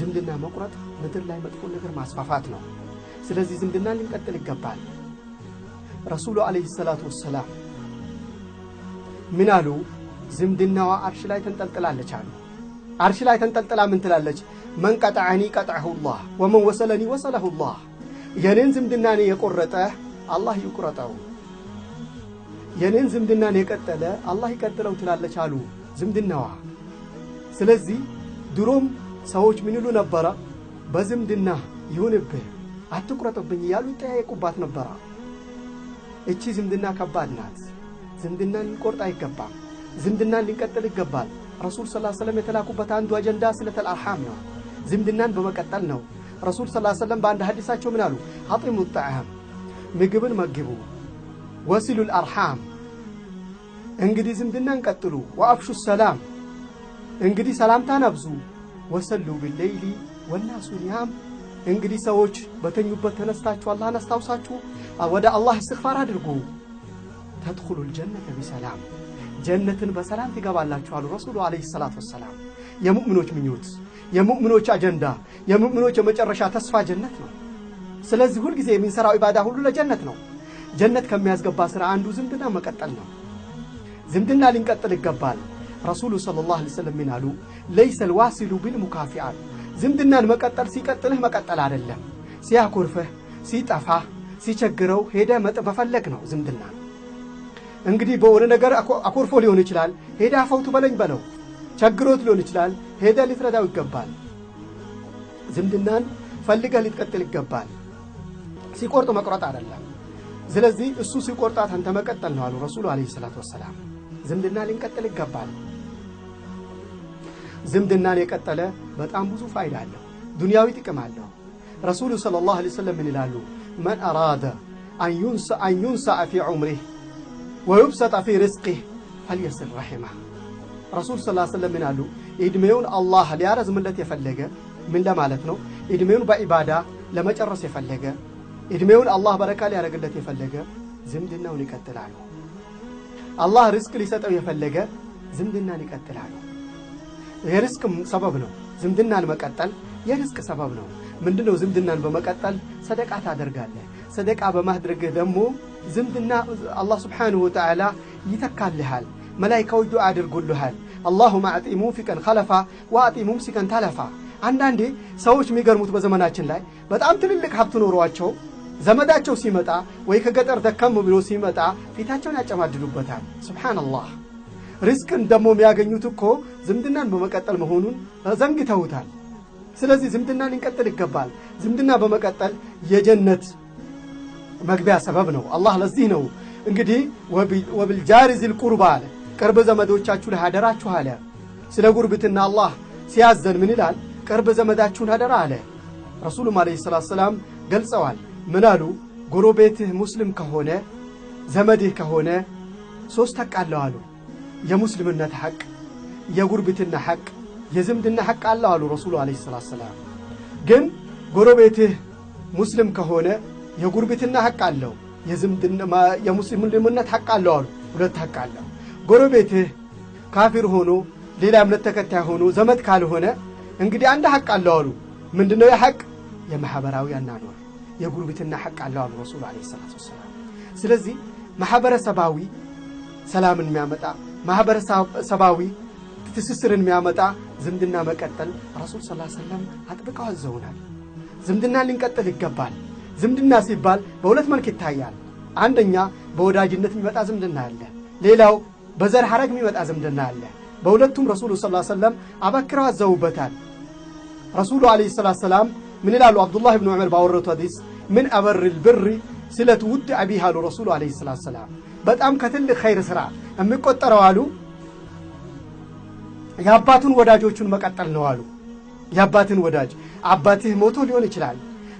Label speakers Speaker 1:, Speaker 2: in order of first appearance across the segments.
Speaker 1: ዝምድና መቁረጥ ምድር ላይ መጥፎ ነገር ማስፋፋት ነው። ስለዚህ ዝምድና ልንቀጥል ይገባል። ረሱሉ ዓለይሂ ሰላቱ ወሰላም ምን አሉ? ዝምድናዋ አርሽ ላይ ተንጠልጥላለች አሉ። አርሽ ላይ ተንጠልጥላ ምን ትላለች? መን ቀጠዐኒ ቀጠዐሁ ላህ ወመን ወሰለኒ ወሰለሁ ላህ። የኔን ዝምድናን የቆረጠ አላህ ይቁረጠው፣ የኔን ዝምድናን የቀጠለ አላህ ይቀጥለው ትላለች አሉ ዝምድናዋ። ስለዚህ ድሮም ሰዎች ምን ይሉ ነበረ? በዝምድና ይሁንብህ አትቁረጥብኝ እያሉ ይጠያየቁባት ነበረ። እቺ ዝምድና ከባድ ናት። ዝምድና ልንቆርጥ አይገባም። ዝምድናን ልንቀጥል ይገባል። ረሱል ስ ሰለም የተላኩበት አንዱ አጀንዳ ስለተል አርሓም ነው። ዝምድናን በመቀጠል ነው። ረሱል ስ ሰለም በአንድ ሀዲሳቸው ምን አሉ? አጢሙ ጣዕም ምግብን መግቡ፣ ወሲሉል አርሃም እንግዲህ ዝምድናን ቀጥሉ፣ ወአብሹ ሰላም እንግዲህ ሰላምታን አብዙ ወሰሉ ቢሌይሊ ወናሱ ኒያም። እንግዲህ ሰዎች በተኙበት ተነስታችሁ አላህን አስታውሳችሁ ወደ አላህ እስትግፋር አድርጉ። ተድኹሉል ጀነተ ቢሰላም ጀነትን በሰላም ትገባላችሁ አሉ ረሱሉ ዓለይሂ ሰላቱ ወሰላም። የሙእምኖች ምኞት፣ የሙእምኖች አጀንዳ፣ የሙእምኖች የመጨረሻ ተስፋ ጀነት ነው። ስለዚህ ሁልጊዜ የምንሰራው ኢባዳ ሁሉ ለጀነት ነው። ጀነት ከሚያስገባ ስራ አንዱ ዝምድና መቀጠል ነው። ዝምድና ሊንቀጥል ይገባል። ረሱሉ ሰለላሁ ዐለይሂ ወሰለም ምን አሉ? ለይሰል ዋሲሉ ቢልሙካፊ ዝምድናን መቀጠል ሲቀጥልህ መቀጠል አይደለም፣ ሲያኮርፍህ፣ ሲጠፋህ፣ ሲቸግረው ሄደ መፈለግ ነው ዝምድና። እንግዲህ በሆነ ነገር አኮርፎ ሊሆን ይችላል፣ ሄደ አፈውቱ በለኝ በለው። ቸግሮት ሊሆን ይችላል፣ ሄደ ሊትረዳው ይገባል። ዝምድናን ፈልገህ ሊትቀጥል ይገባል። ሲቆርጥ መቁረጥ አይደለም። ስለዚህ እሱ ሲቆርጣት አንተ መቀጠል ነው አሉ ረሱሉ ዓለይሂ ሰላቱ ወሰላም። ዝምድና ልንቀጥል ይገባል። ዝምድናን የቀጠለ በጣም ብዙ ፋይዳ አለው፣ ዱንያዊ ጥቅም አለው። ረሱሉ ሰለላሁ ዐለይሂ ወሰለም ምን ይላሉ? መን አራደ አን ዩንሰዐ ፊ ዑምሪህ ወዩብሰጠ ፊ ርዝቅህ ፈልየስል ረሒማ። ረሱል ስ ሰለም ምን አሉ? ዕድሜውን አላህ ሊያረዝምለት የፈለገ ምን ለማለት ነው? ዕድሜውን በኢባዳ ለመጨረስ የፈለገ ዕድሜውን አላህ በረካ ሊያደርግለት የፈለገ ዝምድናውን ይቀጥላሉ። አላህ ርዝቅ ሊሰጠው የፈለገ ዝምድናን ይቀጥላሉ። የርስቅ ሰበብ ነው። ዝምድናን መቀጠል የርስቅ ሰበብ ነው። ምንድነው ዝምድናን በመቀጠል ሰደቃ ታደርጋለህ። ሰደቃ በማድረግህ ደግሞ ዝምድና አላህ ስብሓንሁ ወተዓላ ይተካልሃል። መላይካው ዱዓ አድርጉልሃል። አላሁመ አዕጢ ሙንፊቀን ኸለፋ ወአጢ ሙምሲከን ተለፋ። አንዳንዴ ሰዎች የሚገርሙት በዘመናችን ላይ በጣም ትልልቅ ሀብት ኖሯቸው ዘመዳቸው ሲመጣ ወይ ከገጠር ደከም ብሎ ሲመጣ ፊታቸውን ያጨማድዱበታል። ሱብሓነላህ ሪስክን ደግሞ የሚያገኙት እኮ ዝምድናን በመቀጠል መሆኑን ዘንግተውታል። ስለዚህ ዝምድናን ሊንቀጥል ይገባል። ዝምድና በመቀጠል የጀነት መግቢያ ሰበብ ነው። አላህ ለዚህ ነው እንግዲህ ወብልጃሪ ዚል ቁርባ አለ፣ ቅርብ ዘመዶቻችሁ ላይ አደራችሁ አለ። ስለ ጉርብትና አላህ ሲያዘን ምን ይላል? ቅርብ ዘመዳችሁን አደራ አለ። ረሱሉም ዓለይሂ ሰላቱ ሰላም ገልጸዋል። ምን አሉ? ጎረቤትህ ሙስሊም ከሆነ ዘመድህ ከሆነ ሦስት አቃለው አሉ። የሙስሊምነት ሐቅ፣ የጉርብትና ሐቅ፣ የዝምድና ሐቅ አለው አሉ ረሱሉ ዓለይሂ ሰላቱ ሰላም። ግን ጎረቤትህ ሙስሊም ከሆነ የጉርብትና ሐቅ አለው፣ የሙስሊምነት ሐቅ አለው አሉ። ሁለት ሐቅ አለው። ጎረቤትህ ካፊር ሆኖ ሌላ እምነት ተከታይ ሆኖ ዘመድ ካልሆነ እንግዲህ አንድ ሐቅ አለው አሉ። ምንድነው የሐቅ የማኅበራዊ አናኗር የጉርብትና ሐቅ አለው አሉ ረሱሉ ዓለይሂ ሰላቱ ሰላም። ስለዚህ ማህበረሰባዊ ሰላምን የሚያመጣ ማህበረሰባዊ ትስስርን የሚያመጣ ዝምድና መቀጠል ረሱል ስ ዐለይሂ አጥብቀው አዘውናል። ዝምድና ልንቀጥል ይገባል። ዝምድና ሲባል በሁለት መልክ ይታያል። አንደኛ በወዳጅነት የሚመጣ ዝምድና አለ፣ ሌላው በዘር ሐረግ የሚመጣ ዝምድና አለ። በሁለቱም ረሱሉ ስ ዐለይሂ ወሰለም አበክረው አዘውበታል። ረሱሉ ለ ሰላቱ ሰላም ምን ይላሉ? አብዱላህ ብን ዑመር ባወረቱ ሐዲስ ምን አበር ልብሪ ስለት ውድ አቢሃሉ ረሱሉ ለ ሰላቱ ሰላም በጣም ከትልቅ ኸይር ስራ የሚቆጠረው አሉ የአባቱን ወዳጆቹን መቀጠል ነው አሉ። የአባትን ወዳጅ አባትህ ሞቶ ሊሆን ይችላል።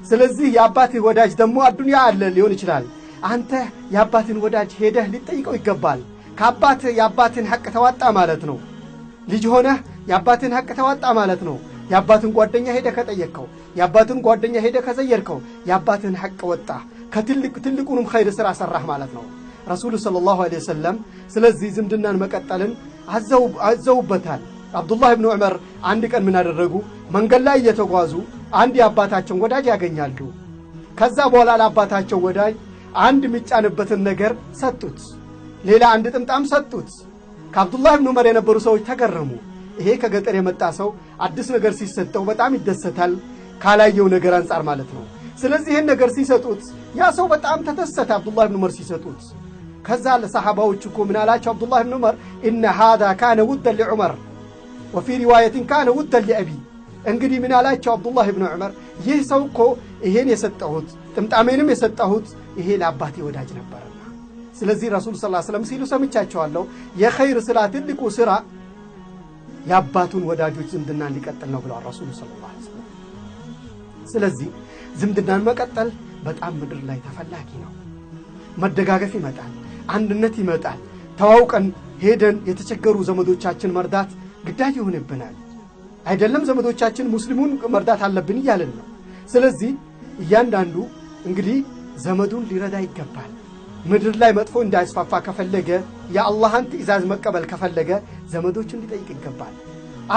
Speaker 1: ስለዚህ የአባትህ ወዳጅ ደግሞ አዱንያ አለ ሊሆን ይችላል። አንተ የአባትን ወዳጅ ሄደህ ሊጠይቀው ይገባል። ከአባትህ የአባትን ሐቅ ተዋጣ ማለት ነው። ልጅ ሆነህ የአባትን ሐቅ ተዋጣ ማለት ነው። የአባትን ጓደኛ ሄደህ ከጠየቅከው፣ የአባትን ጓደኛ ሄደህ ከዘየርከው፣ የአባትን ሐቅ ወጣ ከትልቅ ትልቁንም ኸይር ሥራ ሠራህ ማለት ነው። ረሱሉ ሰለላሁ ዐለይሂ ወሰለም ስለዚህ ዝምድናን መቀጠልን አዘውበታል። አብዱላህ ብን ዑመር አንድ ቀን ምን አደረጉ? መንገድ ላይ እየተጓዙ አንድ የአባታቸውን ወዳጅ ያገኛሉ። ከዛ በኋላ ለአባታቸው ወዳጅ አንድ የሚጫንበትን ነገር ሰጡት፣ ሌላ አንድ ጥምጣም ሰጡት። ከአብዱላህ ብኑ ዑመር የነበሩ ሰዎች ተገረሙ። ይሄ ከገጠር የመጣ ሰው አዲስ ነገር ሲሰጠው በጣም ይደሰታል፣ ካላየው ነገር አንጻር ማለት ነው። ስለዚህ ይህን ነገር ሲሰጡት ያ ሰው በጣም ተደሰተ፣ አብዱላህ ብን ዑመር ሲሰጡት ከዛ ለሰሓባዎች እኮ ምን አላቸው አብዱላህ ብን ዑመር እነ ሃዳ ካነ ውደን ሊዑመር ወፊ ሪዋየትን ካነ ውደን ሊአቢ እንግዲህ ምናላቸው አብዱላህ ብን ዑመር ይህ ሰው እኮ ይሄን የሰጠሁት ጥምጣሜንም የሰጠሁት ይሄ ለአባቴ ወዳጅ ነበርና ስለዚህ ረሱል ስ ስለም ሲሉ ሰምቻቸዋለሁ የኸይር ስራ ትልቁ ስራ የአባቱን ወዳጆች ዝምድና እንዲቀጥል ነው ብለዋል ረሱሉ ስ ላ ስለዚህ ዝምድናን መቀጠል በጣም ምድር ላይ ተፈላጊ ነው መደጋገፍ ይመጣል አንድነት ይመጣል። ተዋውቀን ሄደን የተቸገሩ ዘመዶቻችን መርዳት ግዳጅ ይሆንብናል። አይደለም ዘመዶቻችን ሙስሊሙን መርዳት አለብን እያለን ነው። ስለዚህ እያንዳንዱ እንግዲህ ዘመዱን ሊረዳ ይገባል። ምድር ላይ መጥፎ እንዳይስፋፋ ከፈለገ የአላህን ትዕዛዝ መቀበል ከፈለገ ዘመዶችን ሊጠይቅ ይገባል።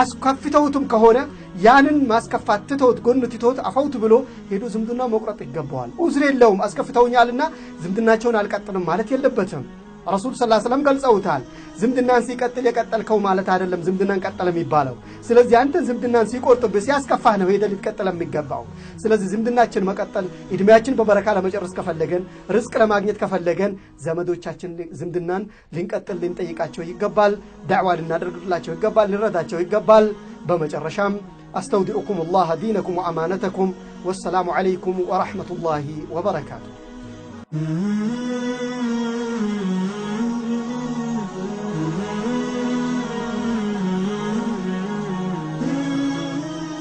Speaker 1: አስከፍተውትም ከሆነ ያንን ማስከፋት ትተውት ጎን ትተውት አፈውት ብሎ ሄዶ ዝምድና መቁረጥ ይገባዋል። ኡዝር የለውም አስከፍተውኛልና ዝምድናቸውን አልቀጥልም ማለት የለበትም። ረሱል ስላ ስለም ገልጸውታል። ዝምድናን ሲቀጥል የቀጠልከው ማለት አይደለም ዝምድናን ቀጠል የሚባለው። ስለዚህ አንተን ዝምድናን ሲቆርጥብህ ሲያስከፋህ ነው ሄደህ ልትቀጥል የሚገባው። ስለዚህ ዝምድናችን መቀጠል እድሜያችን በበረካ ለመጨረስ ከፈለገን፣ ርዝቅ ለማግኘት ከፈለገን ዘመዶቻችን ዝምድናን ልንቀጥል ልንጠይቃቸው ይገባል። ዳዕዋ ልናደርግላቸው ይገባል። ልንረዳቸው ይገባል። በመጨረሻም አስተውዲኡኩም ላህ ዲነኩም ወአማነተኩም ወሰላሙ ዓለይኩም ወረሕመቱላሂ ወበረካቱ።